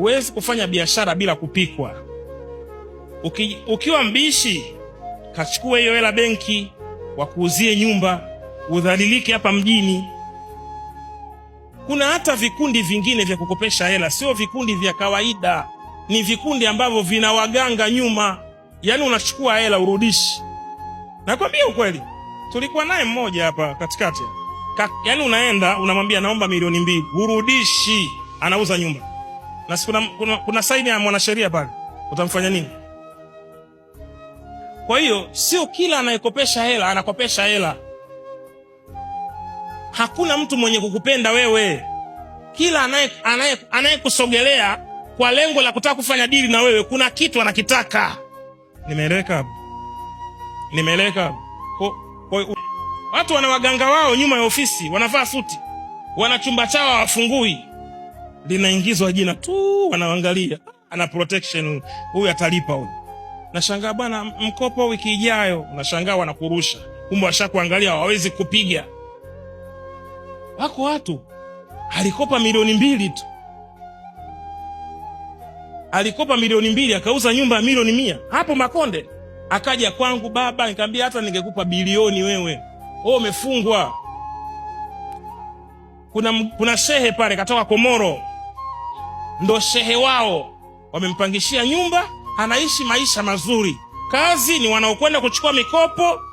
huwezi kufanya biashara bila kupikwa. Uki, ukiwa mbishi, kachukua hiyo hela benki, wakuuzie nyumba, udhalilike hapa mjini. Kuna hata vikundi vingine vya kukopesha hela, sio vikundi vya kawaida, ni vikundi ambavyo vinawaganga nyuma, yaani unachukua hela urudishi. Nakwambia ukweli, tulikuwa naye mmoja hapa katikati, yaani unaenda unamwambia naomba milioni mbili, urudishi anauza nyumba na kuna, kuna, kuna saini ya mwanasheria pale, utamfanya nini? Kwa hiyo sio kila anayekopesha hela anakopesha hela. Hakuna mtu mwenye kukupenda wewe. Kila anayekusogelea kwa lengo la kutaka kufanya dili na wewe, kuna kitu anakitaka. Nimeeleweka Nimeeleweka Watu wana waganga wao nyuma ya ofisi, wanavaa suti, wana chumba chao hawafungui linaingizwa jina tu, wanaangalia ana protection huyu, atalipa huyu. Nashangaa bwana, mkopo wiki ijayo, Nashangaa wanakurusha, kumbe washakuangalia, hawawezi kupiga. Wako watu alikopa milioni mbili tu, alikopa milioni mbili akauza nyumba ya milioni mia hapo Makonde. Akaja kwangu baba, nikamwambia hata ningekupa bilioni wewe, wewe umefungwa. Kuna, kuna shehe pale katoka Komoro ndo shehe wao, wamempangishia nyumba, anaishi maisha mazuri. Kazi ni wanaokwenda kuchukua mikopo